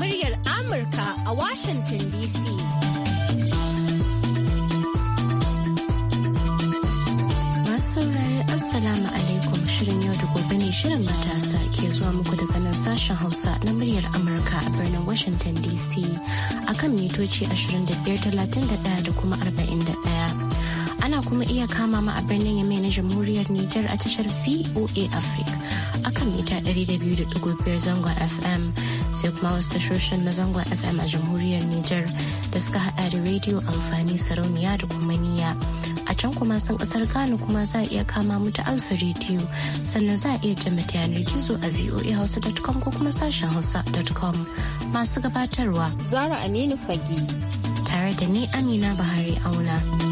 muryar Amurka a Washington DC. saurare Assalamu alaikum shirin yau da gobe ne shirin matasa ke zuwa muku daga nan sashen Hausa na muryar Amurka a birnin Washington DC kan mitoci 25,31 da kuma 41. Ana kuma iya kama ma a birnin Yamai na Jamhuriyar Nijar a tashar VOA Africa A kan mita 200.5 zangon FM. sai kuma wasu tashoshin na zangon FM a jamhuriyar Nijar da suka haɗa da rediyo amfani sarauniya da kuma niya. A can kuma sun kasar Ghana kuma za a iya kama mu ta alfa rediyo sannan za a iya jama ta yanar gizo a voahausa.com ko kuma sashen hausa.com masu gabatarwa. Zara Aminu Fagi. Tare da ni Amina Bahari Auna.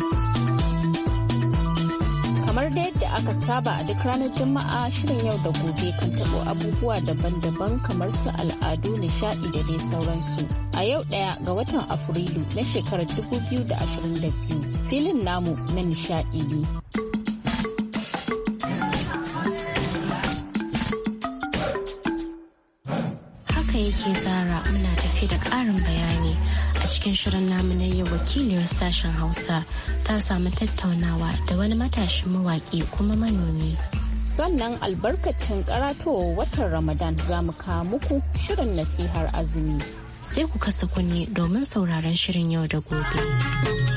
kamar da yadda aka saba a duk ranar juma'a shirin yau da gobe kan tabo abubuwa daban-daban kamar su al'adu nishadi da dai sauransu a yau daya ga watan afrilu na shekarar 2022 filin namu na nishadi ne haka yake zara muna tafi da karin bayani a cikin shirin namu na yau wakiliyar sashen hausa ta samu tattaunawa da wani matashin mawaƙi kuma manomi sannan albarkacin karatowa watan ramadan za mu kawo muku shirin nasihar azumi sai ku kasa kunne domin sauraron shirin yau da gobe.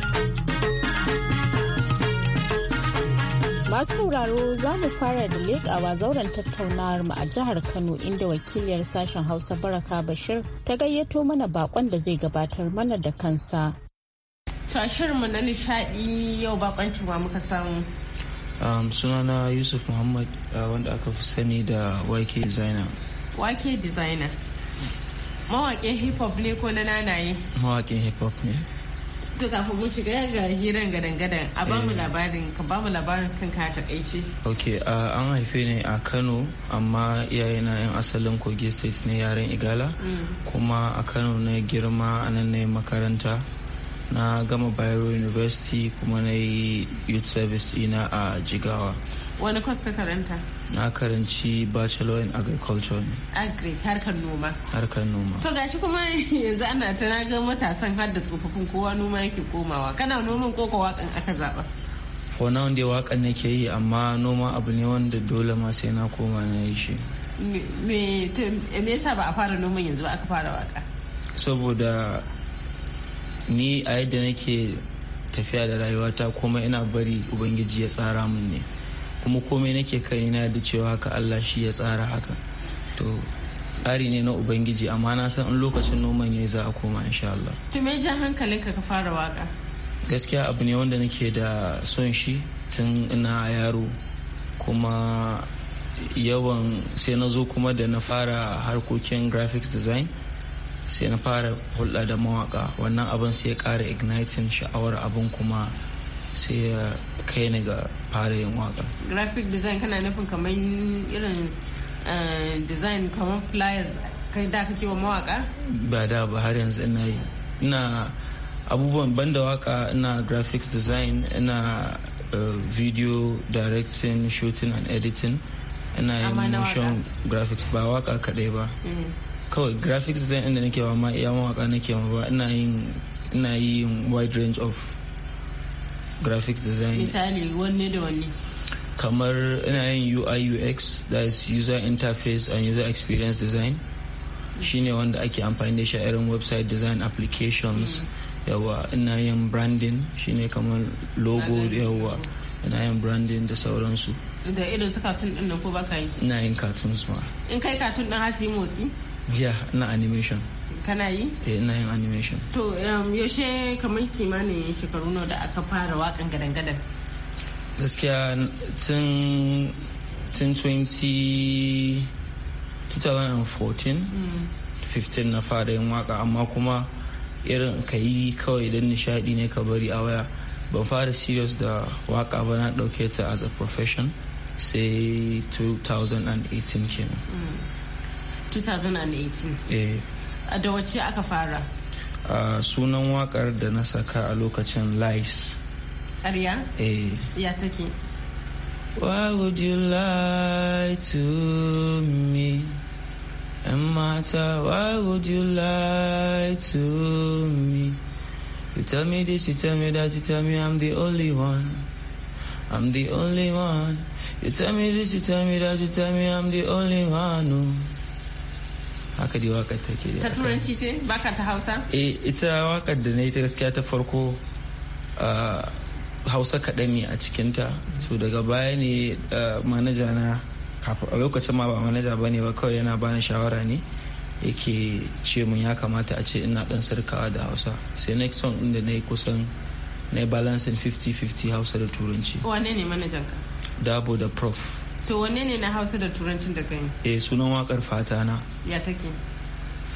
Masu sauraro za mu fara da leƙawa zauren tattaunawar mu a jihar Kano inda wakiliyar sashen Hausa Baraka Bashir ta gayyato mana bakon da zai gabatar mana da kansa. mu na nishadi yau bakoncin wa muka samu. Um, sunana Yusuf Muhammad uh, wanda aka fi sani da YK designer. YK designer. Mawaƙin hip hop ne ko na nanaye? Mawaƙin hip hop ne. to kafin mu shiga ga hiran gadan a ba mu eh. labarin ka ba mu labarin ka takaice ok an haife ni a kano amma iyaye na yan asalin kogi state ne yaren igala mm. kuma a kano na girma a nan ne makaranta na gama bayero university kuma na yi youth service ina a jigawa wani kwas ka karanta na karanci bachelor in agriculture ne agri harkar noma harkar noma to gashi kuma yanzu ana ta na ga matasan har da tsofaffin kowa noma yake komawa kana noman koko wakan aka zaba for now dai wakan nake yi amma noma abu ne wanda dole ma sai na koma na yi shi me yasa ba a fara noman yanzu ba aka fara waka saboda ni a yadda nake tafiya da rayuwata kuma ina bari ubangiji ya tsara min ne kuma komai nake kai na da cewa haka Allah shi ya tsara haka to tsari ne na ubangiji amma na san in lokacin noman ya za a koma insha Allah to me ja hankalinka ka fara waka gaskiya abu ne wanda nake da son shi tun ina yaro kuma yawan sai na zo kuma da na fara harkokin graphics design sai na fara hulɗa da mawaka wannan abin sai ya ƙara igniting sha'awar abin kuma sai ya kai ni ga fara yin waka graphic design kana nufin kamar irin eh, design kamar flyers kai da kake wa mawaka ba da ba har yanzu ina yi ina abubuwan banda waka ina graphics design ina eh, video directing shooting and editing ina yin motion graphics ba waka kadai ba mm. kawai graphics design inda nake ba ma iya mawaka nake ma ba ina yin wide range of graphics design misali wanne da wanne kamar ina yin ui ux that is user interface and user experience design mm. shine wanda ake amfani da shi a irin website design applications mm. yawa ina yin branding shine kamar logo yawa ina yin branding da sauransu da irin su katun din nan ko baka yi ina yin cartoons ma in kai cartoon din hasi motsi yeah na animation kana yi eh ina yin animation to um, yaushe kamar kimanin shekaru nawa da aka fara wakan gadan gaskiya tun tun 2014 15 na fara yin waka amma kuma irin ka yi kawai don nishadi ne ka bari a waya ban fara serious da waka ba na dauke ta as a profession sai 2018 kenan 2018 mm. eh da wace aka fara uh, sunan wakar da na saka a lokacin lies ƙarya? eh ya take why would you lie to me and mata why would you lie to me you tell me this you tell me that you tell me i'm the only one i'm the only one you tell me this you tell me that you tell me i'm the only one oh. haka dai wakar take ta turanci ce baka ta hausa eh ita wakar da na yi ta gaskiya ta farko hausa kaɗan ne a cikinta so daga baya ne manaja na a lokacin ma ba manaja ba ne ba kawai yana bani shawara ne yake ce mun ya kamata a ce ina dan sarkawa da hausa sai next song inda na yi kusan na yi balancing 50-50 hausa da turanci wane ne manajan dabo da prof to wanne ne na hausa da turancin da kai eh sunan wakar fata na ya take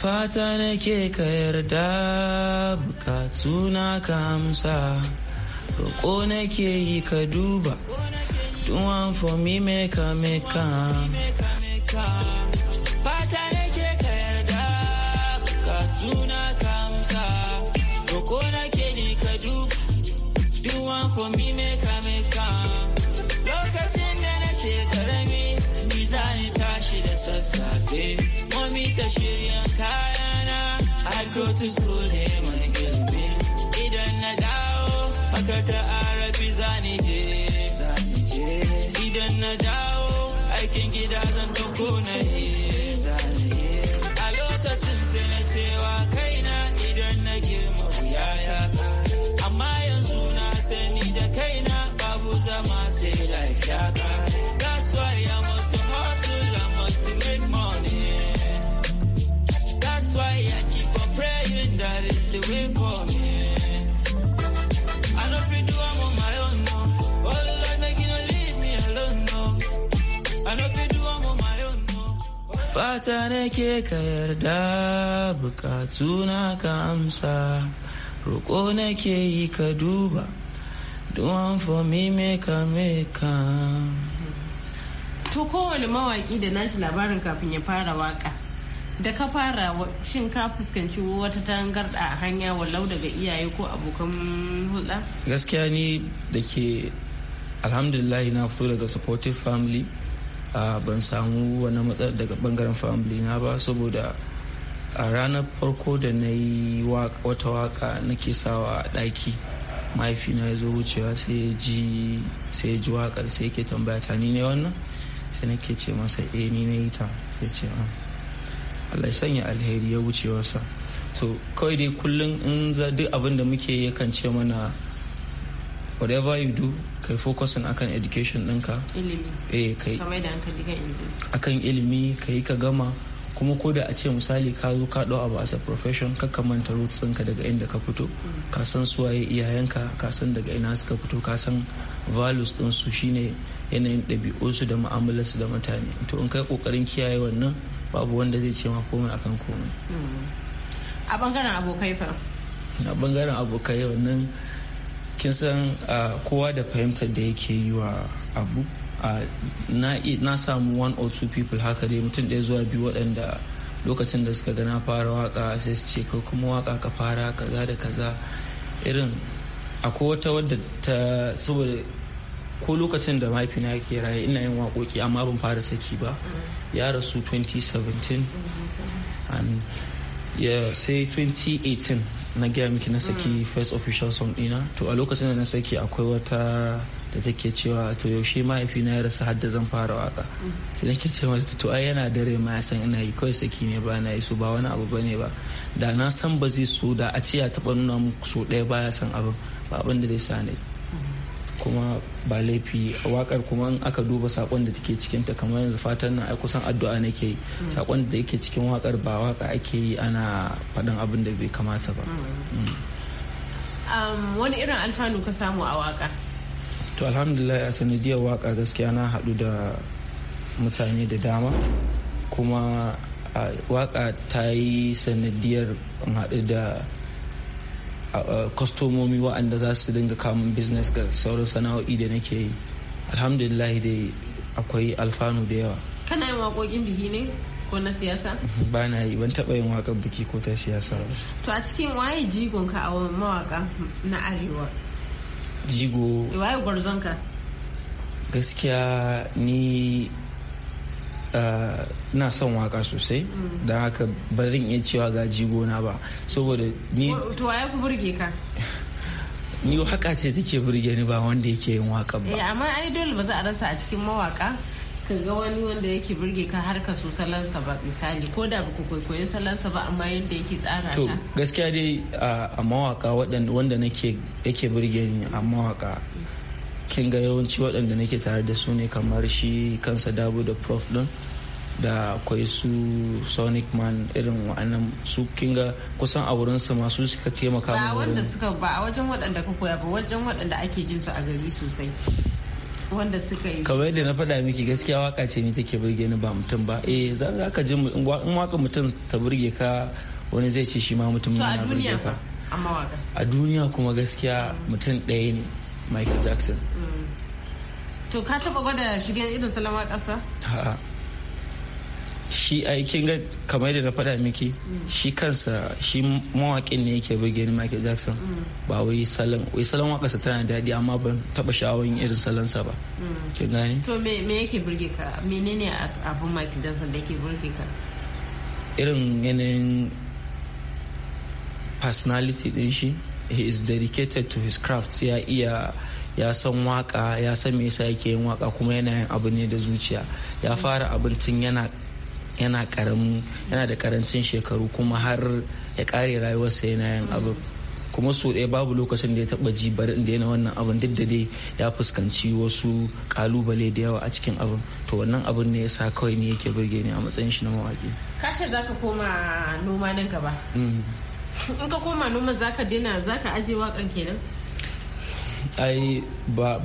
fata ke ka yarda bukatu na ka amsa roƙo ke yi ka duba do one for me make am make am fata ke ka yarda bukatu na ka amsa roƙo ke yi ka duba do one for me make am make am lokacin sani tashi da sassafe mami ta shirya kayana I go to school ne mai girbi idan na dawo makata arabi zani je fata nake ka yarda bukatuna ka amsa roƙo nake yi ka duba duwan for me meka to kowane mawaƙi da nashi labarin kafin ya fara waka da ka fara shin ka fuskanci wata tangarda a hanya walau daga iyaye ko abokan hulɗa gaskiya ni da ke alhamdulillah na fito daga supportive family ban samu wani matsala daga bangaren family na ba saboda a ranar farko da na yi wata waka nake sawa a ɗaki mahaifina ya zo wucewa sai ya ji sai wakar sai yake tambaya ta ni ne wannan sai nake ce masa eh ni na yi ta sai ce an ah. Allah ya sanya alheri ya wuce wasa to kawai dai kullum in za duk abin muke yakan ce mana whatever you do ka focus focusin akan education ɗinka ilimi eh, kan ilimi. akan ilimi yi ka gama kuma ko da a ce misali ka zo ka ɗau abu as a profession ka kamanta roots ɗinka daga inda ka fito mm. ka san suwaye iyayenka ka san daga ina suka fito ka san values ɗinsu shine yanayin ɗabi'unsu da su da mutane to in kai ƙoƙarin kiyaye wannan babu wanda zai ce ma komai akan komai mm. a bangaren abokai fa a bangaren abokai wannan kin san kowa da fahimtar da yake yi wa abu na samu one or two people haka dai mutum ɗaya zuwa biyu waɗanda lokacin da suka gana fara waka sai su ce ko kuma waka ka fara kaza da kaza irin akwai wata wadda ta saboda ko lokacin da mahaifina ke raye ina yin waƙoƙi amma ban fara saki ba ya rasu 2017 sai 2018 na gaya miki na saki first official song dina to a lokacin da na saki akwai wata da take cewa to yaushe mahaifi na ya rasa hadda zan fara waka sai nake ce mata to ai yana dare ma ya san ina yi kawai saki ne ba na yi ba wani abu bane ba da na san ba zai so da a ce ya taba nuna muku so ɗaya baya san abin ba abin da zai sa ne kuma ba laifi wakar kuma in aka duba sakon da take cikinta ta kamar yanzu fatan nan ai kusan addu'a nake yi mm. sakon da yake cikin wakar ba waka ake yi ana faɗin abin da bai kamata ba mm. Mm. Um, wani irin alfanu ka samu a waka to alhamdulillah a sanadiyar waka gaskiya na haɗu da mutane da dama kuma waka ta yi sanadiyar haɗu da kwastomomi waɗanda za su dinga kamun business ga sauran sana'o'i da nake yi alhamdulillah dai akwai alfanu da yawa kana yin waƙoƙin biki ne ko na siyasa ba na yi ban taɓa yin waƙar biki ko ta siyasa to a cikin waye jigonka a mawaƙa na arewa jigo waye gwarzonka gaskiya ni Eh, na son waka sosai mm. don haka ba zan iya cewa ga jigona ba saboda ni to ya ku burge ka ni haka ce take burge ni ba wanda yake yin waka ba eh, amma ai dole ba za a rasa a cikin mawaka ka ga wani wanda yake burge ka har ka so salansa ba misali ko da ku kwaikwayi salansa ba amma yadda yake tsara to gaskiya dai a mawaka wanda nake yake burge ni a mawaka kin ga yawanci waɗanda nake tare da su ne kamar shi kansa dabo da prof ɗin da akwai su sonic man irin wa'annan su ga kusan a wurin su masu suka taimaka ba wanda suka ba a wajen waɗanda ka koya ba wajen waɗanda ake jin su a gari sosai wanda suka yi kawai da na faɗa miki gaskiya waka ce ni take burge ni ba mutum ba eh za ka ji in waka mutum ta burge ka wani zai ce shi ma mutum yana burge ka a duniya kuma gaskiya mutum ɗaya ne michael jackson mm. to ka taba gwada shige irin salama ƙasa? shi aikin ga kamar yadda na faɗa miki mm. shi kansa shi mawaƙin ne yake buge ni Michael Jackson mm. ba wai salon wai salon waƙarsa tana daɗi amma ban taɓa sha'awar irin salonsa ba kin gane to me me yake burge ka menene abun Michael Jackson da yake burge ka irin yanayin personality din shi he is dedicated to his craft ya iya ya san waka ya san me yasa yake yin waka kuma yana yin abu ne da zuciya ya fara abin tun yana yana karamu yana da karancin shekaru kuma har ya kare rayuwarsa yana yin abin kuma su ɗaya babu lokacin da ya taba ji barin da yana wannan abin duk da dai ya fuskanci wasu kalubale da yawa a cikin abin to wannan abin ne ya sa kawai ne yake birge ni a matsayin shi na mawaƙi ka za ka koma noma nan gaba mm. in ka koma noma ka dina za ka aje wakan kenan ai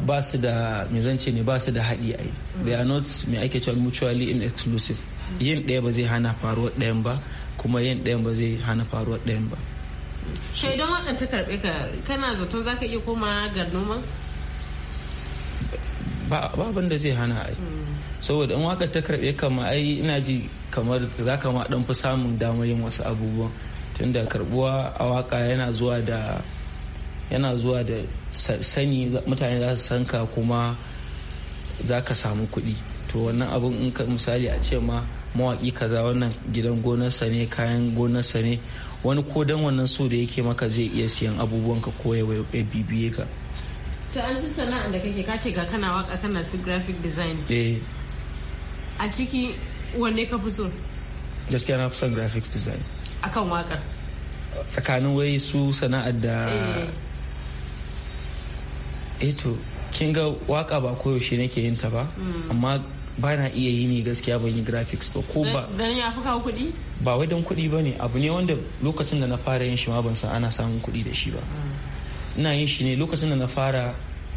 ba su da me zance ne ba su da haɗi ai they are not me ake cewa mutually in exclusive yin ɗaya ba zai hana faruwar ɗayan ba kuma yin ɗayan ba zai hana faruwar ɗayan ba shaidan wakan ta karɓe ka kana zato za ka iya koma ga noma ba ba da zai hana ai saboda in waka ta karɓe kama ai ina ji kamar za ka ma dan fi samun damar yin wasu abubuwan tunda karbuwa a waka yana zuwa da yana zuwa da sani mutane za su sanka kuma za ka samu kuɗi to wannan abin in ka misali a ce ma mawaƙi kaza wannan gidan gonarsa ne kayan gonarsa ne wani ko dan wannan so da yake maka zai iya siyan abubuwanka ko ya bibiye ka to an san sana'an da kake ka ce ga kana waka kana su graphic design eh a ciki wanne ka fi so gaskiya na fi son graphics design akan wakar tsakanin wai su sana'ar da eto eh. eh kin ga waka ba koyaushe nake yin ta ba mm. amma ba na iya yi ne gaskiya ban yi graphics ba ko ba dan ya fuka kuɗi ba wai dan kuɗi bane abu ne wanda lokacin da na fara yin shi ma ban san ana samun kuɗi da shi ba mm. ina yin shi ne lokacin da na fara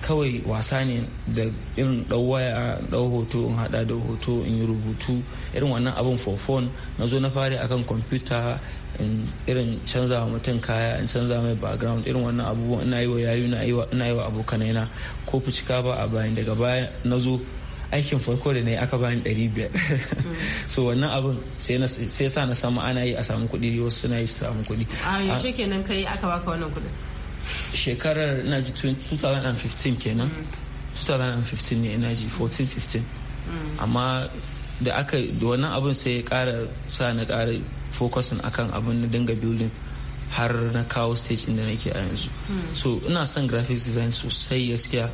kawai wasa ne da irin ɗau waya ɗau hoto in haɗa da hoto in yi rubutu irin wannan abin for phone na zo na fari akan kwamfuta in irin canza wa mutum kaya in canza mai background irin wannan abubuwan ina yi wa yayu ina yi wa abokanai na ko fucika ba a bayan daga baya na zo aikin farko da na yi aka bani 500 biyar so wannan abin sai sa na samu ana yi a samu kuɗi wasu suna yi su samu kuɗi a ah, yaushe ah, kenan kai aka baka wannan kuɗin shekarar na ji 2015 kenan 2015 mm. ne ina ji 14-15 mm. amma da aka da wannan abin sai ya kara sa na kara focusin akan abin na dinga building har na kawo stage inda nake a yanzu mm. so ina son graphics design sosai gaskiya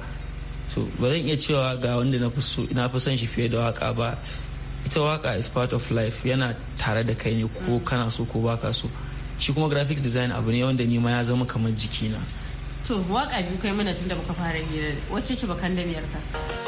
so ba zan iya cewa ga wanda na fi son shi fiye da waka ba ita waka is part of life yana tare da kai ne ko kana so ko baka so shi kuma graphics design abu ne wanda ni ma ya zama kamar jikina to waka biyu kai mana tun da baka fara hira wacce ce bakan da biyar ka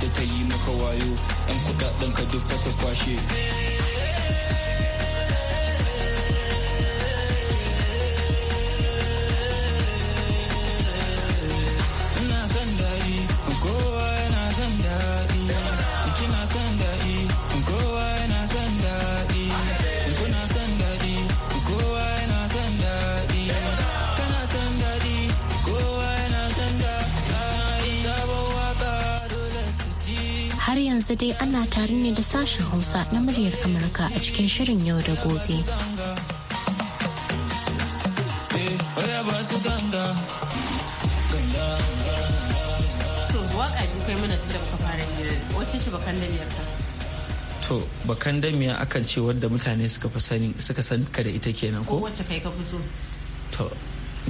da ta yi maka wayo yan kudaden ka duk ta kwashe yanzu dai ana tare ne da sashen Hausa na muryar Amurka a cikin shirin yau da gobe. mana muka fara hira wacce bakan damiyar ka to bakan damiya akan ce wadda mutane suka fi sani suka san ka da ita kenan ko wacce kai ka fi so to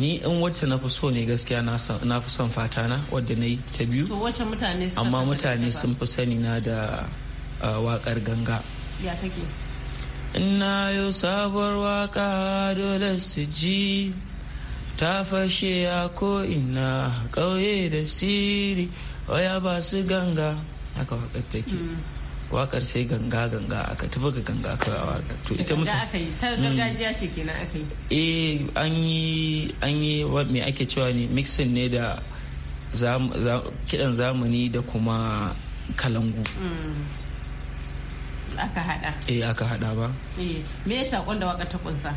ni in wacce na fi so ne gaskiya na fi son fata na wadda na yi ta biyu amma mutane sun fi sani na da wakar ganga ya take ina yau sabuwar waka dole su ji ta fashe ya ko ina ƙauye da siri waya ba su ganga haka wakar take mm. wakar sai ganga ganga aka tafi ga ganga aka a wakar to ita musu aka yi ta hmm. gargajiya ce kenan aka yi eh an yi an yi me ake cewa ne mixing ne da kidan zamani da kuma kalangu hmm. aka hada eh aka hada ba eh me ya sakon da wakar ta kunsa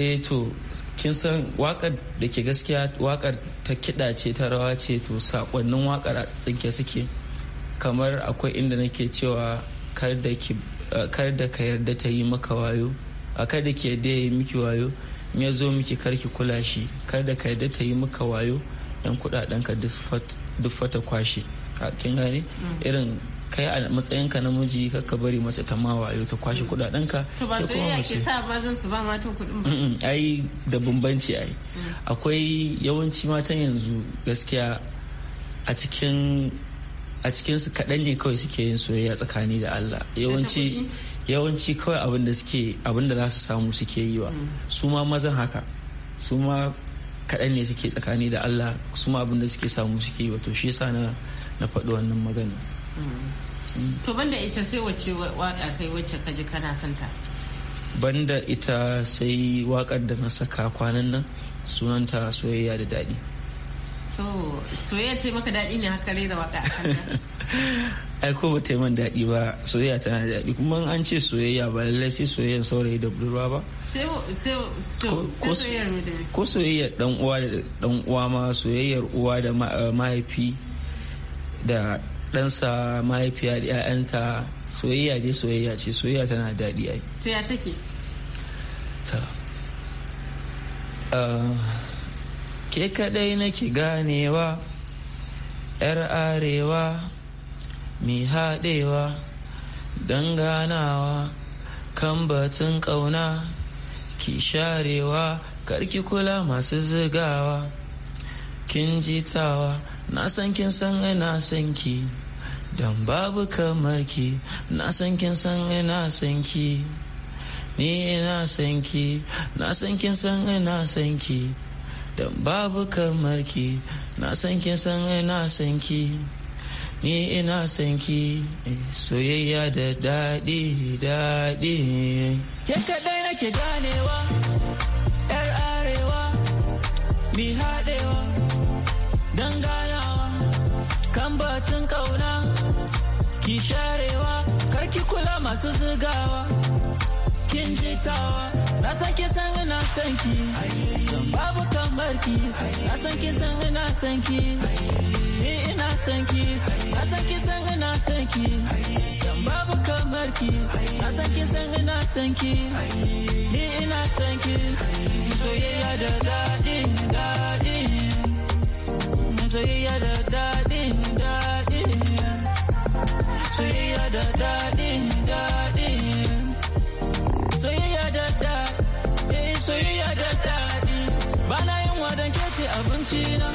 eh to kin san wakar da ke gaskiya wakar ta kida ce ta rawa ce to sakonnin wakar a tsitsinke suke kamar akwai inda nake cewa eh, kar da ka yarda ta yi maka wayo a kar da ki yarda ya yi miki wayo in ya zo miki kar ki kula shi kar da ka yarda ta yi maka wayo yan kudaden ka duk fata kwashe kin gane mm. irin kai a matsayin ka namiji kar ka bari mace ta ma wayo ta kwashe kudaden ka to ba soyayya ke sa ba zan su ba matan kudin ba ai da bambanci ai mm. akwai yawanci matan yanzu gaskiya a cikin a cikin su kaɗan ne kawai suke yin soyayya tsakani da Allah yawanci yawanci kawai abin da suke abin da za su samu suke yi wa mm. su ma mazan haka su ma kaɗan ne suke tsakani da Allah su ma abin da suke samu suke yi wa to shi yasa na na faɗi wannan magana mm. Mm. to banda ita sai wace waka kai wacce kaji kana son ta banda ita sai wakar da na saka kwanan nan sunanta soyayya da daɗi soyayya ta maka daɗi ne haka rera waka ai ko ba ta yi man daɗi ba soyayya tana da daɗi kuma an ce soyayya ba lallai sai soyayyar saurayi da budurwa ba ko soyayyar dan uwa da dan uwa ma soyayyar uwa da eh, mahaifi da ɗansa mahaifiya da 'ya'yanta soyayya dai soyayya ce soyayya tana daɗi ai to ya take ta eh, ke kadai nake ganewa yar arewa mi haɗewa don ganawa kan batun ƙauna ki sharewa karki kula masu zigawa kin jitawa na san kin san ina san ki don babu kamar ki na san kin san ina san ki ni ina san ki na san kin san ina san ki dan babu kamar ki na san kin san ina san ki ni ina san ki soyayya da daɗi daɗi ke kadai nake ganewa yar arewa mi haɗewa don ganawa kan batun ƙauna ki sharewa kar ki kula masu zigawa. cikin jikawa na san ki san ina san ki babu kamar ki na san ki san ina san ki ni ina san ki na san ki san ina san ki babu kamar ki na san ki san ina san ki ni ina san ki soyayya da dadi dadi soyayya da dadi dadi soyayya da dadi dadi na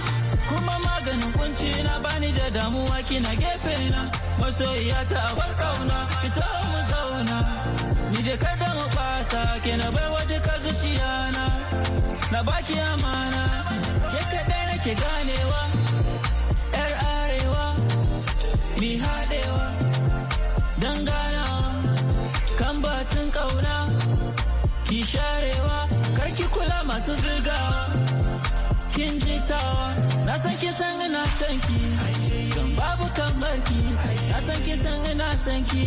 kuma maganin kunci na bani da damuwa kina gefe na masoyiya ta abar kauna ita mu zauna ni da kada mu na kina baiwa duka zuciya na na baki amana ke kadai nake ganewa yar arewa mi haɗewa don ganawa kan batun kauna ki sharewa karki kula masu zirgawa cikin jitawa na san ki san ina san ki don babu kamar ki na san ki san ina san ki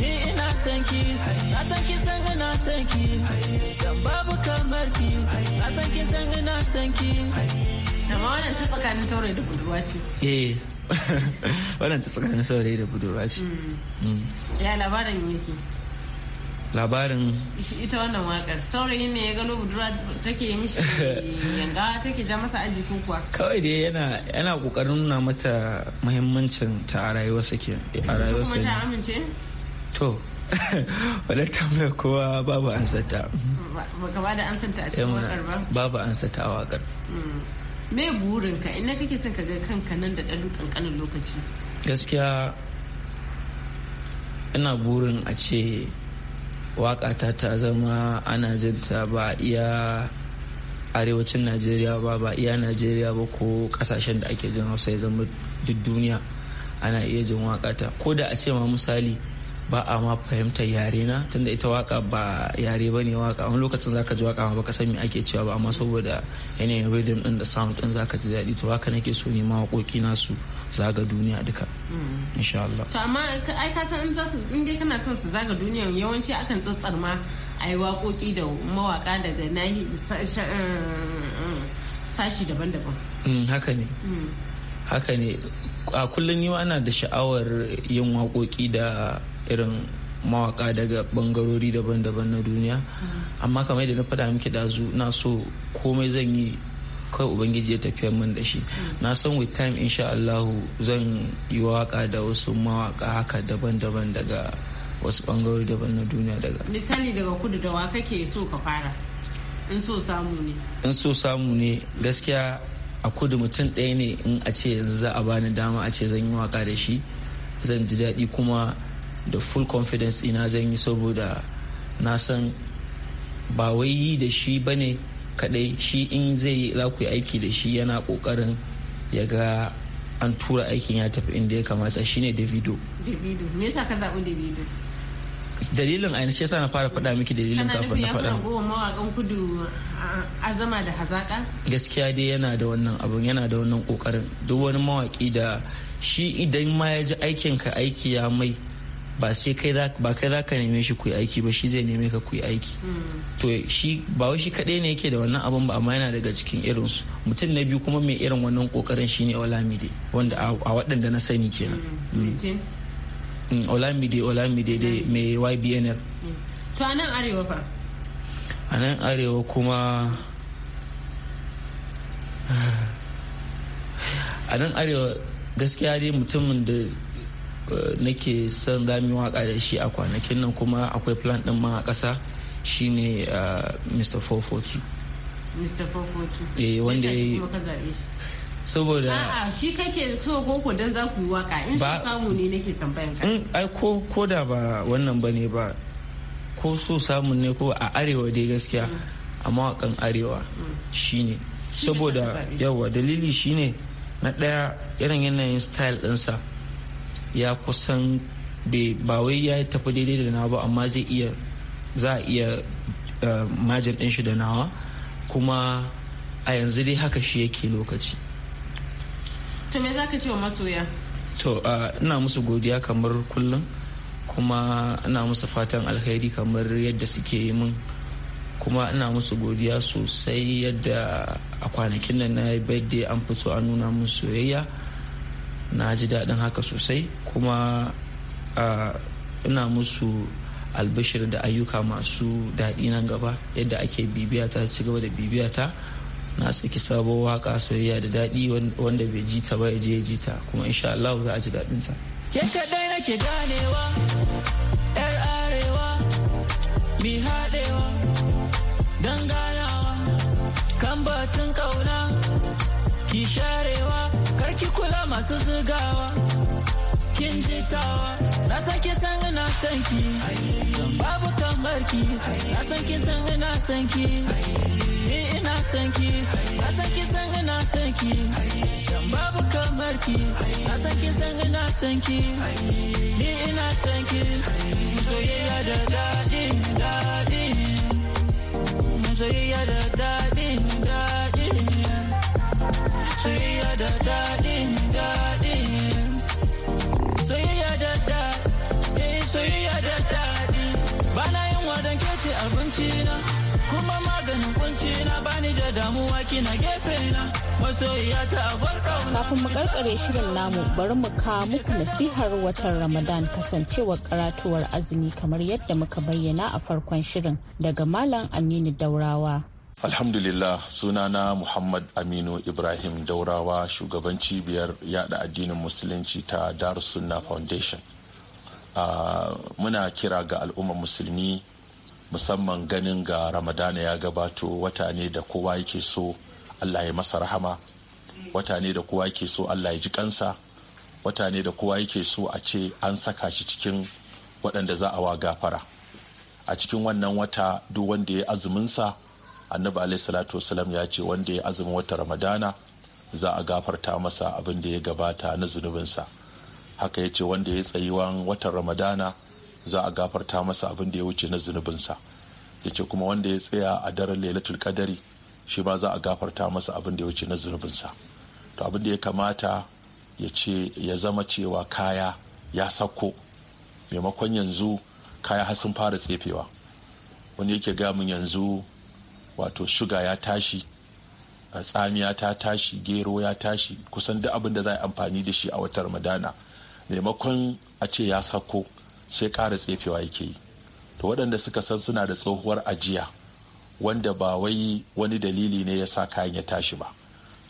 ni ina san ki na san ki san ina san ki don babu kamar ki na san ki san ina san ki amma wannan ta tsakanin saurayi da budurwa ce eh wannan ta tsakanin saurayi da budurwa ce hmm. ya labarin yake labarin ita wannan wakar saurayi ne ya gano budurwa take mishi yanga take ja masa aji ko kuwa kawai dai yana yana kokarin nuna mata muhimmancin ta a rayuwarsa ke a rayuwarsa kuma ta amince to wadda mai kowa babu ansata baka ba da ansata a cikin wakar ba babu ansata a wakar hmm. me burinka ina kake son ka ga kanka nan da ɗan kankanin lokaci gaskiya ina burin a ce wakata ta zama ana jinta ba iya arewacin najeriya ba ba iya najeriya ba ko kasashen da ake jin hausa ya zama duk duniya ana iya jin waƙata ko da a ce ma misali ba a ma fahimtar yare na tunda ita waka ba yare ba ne waka wani lokacin zaka ji waka ba ka san me ake cewa ba amma saboda yanayin rhythm din da sound din zaka ji daɗi to waka nake so ne ma waƙoƙi nasu su zaga duniya duka hmm. insha Allah to amma ai ka san in za su in dai kana son su zaga duniya yawanci akan tsatsar ma ai waƙoƙi da mawaka daga nahi eh, eh, sashi daban-daban hmm, haka ne hmm. haka ne a kullum yi ana da sha'awar yin waƙoƙi da irin mawaka daga bangarori daban-daban na duniya amma kamar yadda na faɗa miki dazu na so komai zan yi kawai ubangiji ya tafiya min da shi na san with time insha Allahu zan yi waka da wasu mawaka haka daban-daban daga wasu bangarori daban na duniya daga misali daga kudu da wa kake so ka fara in so samu ne in so samu ne gaskiya a kudu mutum ɗaya ne in a ce yanzu za a bani dama a ce zan yi waka da shi zan ji daɗi kuma da full confidence ina zan yi saboda na san ba wai yi da shi ba ne kadai shi in zai za ku yi aiki da shi yana kokarin ya ga an tura aikin ya tafi inda ya kamata shine davido davido dalilin a shi sa na fara faɗa miki dalilin kafin na faɗa azama da hazaƙa gaskiya dai yana da wannan abun yana da wannan kokarin duk wani mawaƙi da shi idan ma ya ji aikin ka aiki ya mai ba sai kai ba kai za ka neme shi ku aiki ba shi zai neme ka ku aiki to shi ba wai shi kaɗai ne yake da wannan abin ba amma yana daga cikin irin su mutum na biyu kuma mai irin wannan kokarin shine olamide wanda a waɗanda na sani kenan mm. Mm. Mm, olamide olamide da mai ybnl to a nan arewa fa a nan arewa kuma anan arewa gaskiya dai mutumin da nake son za mu waka da shi a kwanakin nan kuma akwai plan din ma a ƙasa shine Mr. 442. Mr. 442. Eh wanda ya yi. saboda a'a shi kake so ko ko dan za ku yi waka in sun samu ne nake tambayan ka mm, ai ko ko da ba wannan bane ba ko so samu ne ko a arewa dai gaskiya amma wakan arewa mm. shine saboda yawa dalili shine na daya irin yanayin style ɗinsa. sa ya kusan ba wai ya tafi daidai da nawa ba amma zai iya za a iya eh, majin ɗin shi da nawa kuma a yanzu dai haka shi yake lokaci to me za ka ce wa masoya to ina musu godiya kamar kullum kuma ina musu fatan alkhairi kamar yadda suke yi min kuma ina musu godiya sosai yadda a kwanakin nan na birthday an fito an nuna musu soyayya na ji daɗin haka sosai kuma ina musu albishir da ayyuka masu daɗi nan gaba yadda ake bibiya ta ci gaba da bibiyata na saki sabon waka soyayya da daɗi wanda bai jita ba ya je ya ji kuma insha Allah za a ji daɗin ta. Ke kaɗai nake ganewa, ‘yar arewa, mi haɗewa, ganawa, kan batun ƙauna, ki sharewa. ga masu zugawa kin jitawa na san ki san ina san ki babu kamar ki na san ki san ina san ki ni ina san ki na san ki san ina san ki babu kamar ki na san kin san ina san ki ni ina san ki soyayya da dadi dadi soyayya da dadi dadi soyayya da dadi na kuma maganin kunci na bani da damuwa kina gefe na masoyiya ta abar kafin mu karkare shirin namu bari mu ka muku nasihar watan ramadan kasancewar karatuwar azumi kamar yadda muka bayyana a farkon shirin daga malam aminu daurawa Alhamdulillah sunana Muhammad Aminu Ibrahim Daurawa shugaban cibiyar yada addinin musulunci ta Darussunna Foundation. Uh, muna kira ga al'ummar musulmi musamman ganin ga ramadana ya gabato wata ne da kowa yake so allah ya masa rahama wata ne da kowa yake so allah ya ji kansa wata ne da kowa yake so a ce an saka shi cikin waɗanda za a wa gafara a cikin wannan wata duk wanda ya azuminsa annabi alaihi salatu wasalam ya ce wanda ya azumin wata ramadana za a gafarta masa abin da ya gabata na zunubinsa haka ya ce wanda ya tsayiwan watan ramadana za a gafarta masa abin da ya wuce na zunubinsa da ce kuma wanda ya tsaya a daren lailatul kadari shi ma za a gafarta masa abin da ya wuce na zunubinsa to abin da ya kamata ya ce ya zama cewa kaya ya sako maimakon yanzu kaya har sun fara tsefewa wani yake gamin yanzu wato shuga ya tashi tsamiya ta tashi gero ya tashi kusan duk abin da za a yi amfani da shi a watan madana maimakon a ce ya sako sai ƙara tsefewa yake yi to waɗanda suka san suna da tsohuwar ajiya wanda ba wai wani dalili ne ya sa kayan ya tashi ba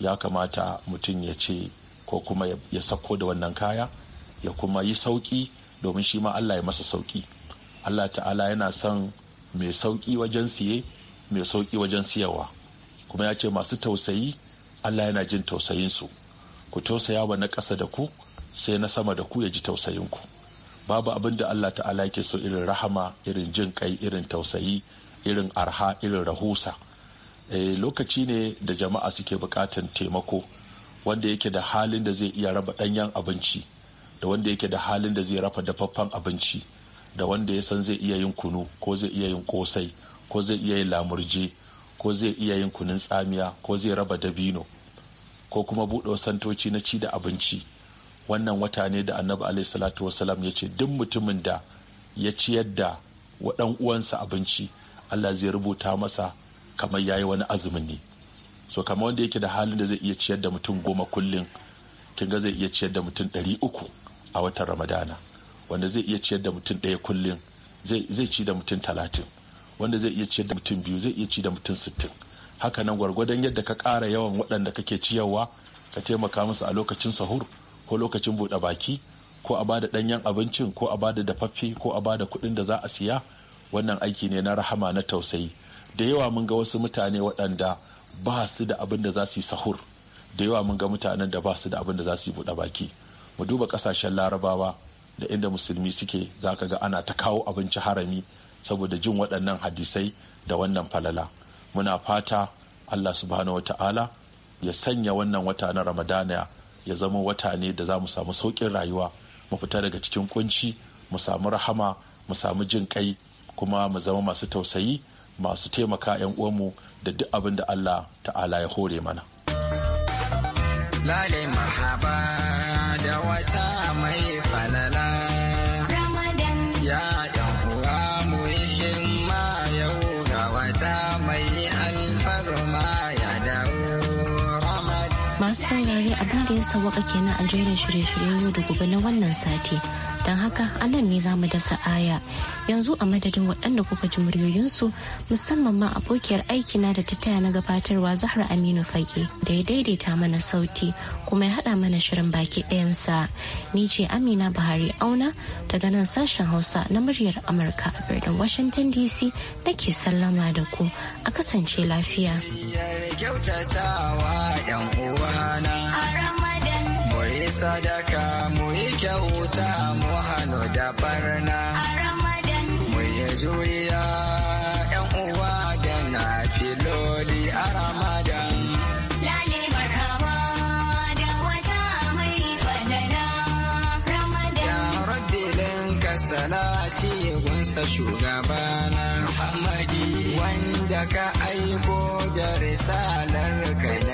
ya kamata mutum ya ce ko kuma ya sako da wannan kaya ya kuma yi sauƙi domin shi ma allah ya masa sauƙi allah ta'ala yana son mai sauƙi wajen siye mai sauƙi wajen siyarwa kuma ya ce masu tausayi allah yana jin tausayinsu ku tausaya wa na ƙasa da ku sai na sama da ku ya ji tausayinku babu abin da Allah ta'ala yake so irin rahama irin jin kai irin tausayi irin arha irin rahusa e, lokaci ne da jama'a suke bukatan taimako wanda yake da halin da zai iya raba ɗanyen abinci da wanda yake da halin da zai rafa dafaffen abinci da wanda ya san zai iya yin kunu ko zai iya yin kosai ko zai iya yin lamurje ko zai iya yin kunun tsamiya ko zai raba dabino ko kuma buɗe santoci na ci da abinci wannan wata ne da annabi alaihi salatu wasalam ya ce duk mutumin da ya ciyar da wa uwansa abinci Allah zai rubuta masa kamar yayi wani azumin ne so kamar wanda yake da halin da zai iya ciyar da mutum goma kullum kin ga zai iya ciyar da mutum ɗari uku a watan ramadana wanda zai iya ciyar da mutum ɗaya kullum zai ci da mutum talatin wanda zai iya ciyar da mutum biyu zai iya ci da mutum sittin haka nan gwargwadon yadda ka ƙara yawan waɗanda kake ciyarwa ka taimaka musu a lokacin sahur ko lokacin buɗe baki ko a bada ɗanyen abincin ko a bada dafaffe ko a bada kuɗin da za a siya wannan aiki ne na rahama na tausayi da yawa mun ga wasu mutane waɗanda ba su da abin da za su yi sahur da yawa mun ga mutanen da ba su da abin da za su yi buɗe baki mu duba ƙasashen larabawa da inda musulmi suke za ka ga ana ta kawo abinci harami saboda jin waɗannan hadisai da wannan falala muna fata allah subhanahu wa ta'ala ya sanya wannan wata na ramadana ya zama wata ne da za mu samu sauƙin rayuwa mu fita daga cikin kunci mu samu rahama mu samu jin kai kuma mu zama masu tausayi masu taimaka 'yan uwanmu da duk abin da Allah ta'ala ya hore mana. Lale mahaba da wata mai sawaka kenan a jerin shirye-shiryen yau da gobe na wannan sati. Don haka a nan ne za mu dasa aya. Yanzu a madadin waɗanda kuka ji muryoyinsu musamman ma abokiyar aiki na da ta taya na gabatarwa Zahra Aminu Fage da ya daidaita mana sauti kuma ya haɗa mana shirin baki ɗayansa. Ni ce Amina Buhari Auna daga nan sashen Hausa na muryar Amurka a birnin Washington DC ke sallama da ku a kasance lafiya. 'yan uwana. sadaka mu yi kyauta mu hannu da barna mu yi juriya yan uwa da na filoli a ramadan salati gunsa shugabana Muhammadu. wanda ka aiko da risalar kai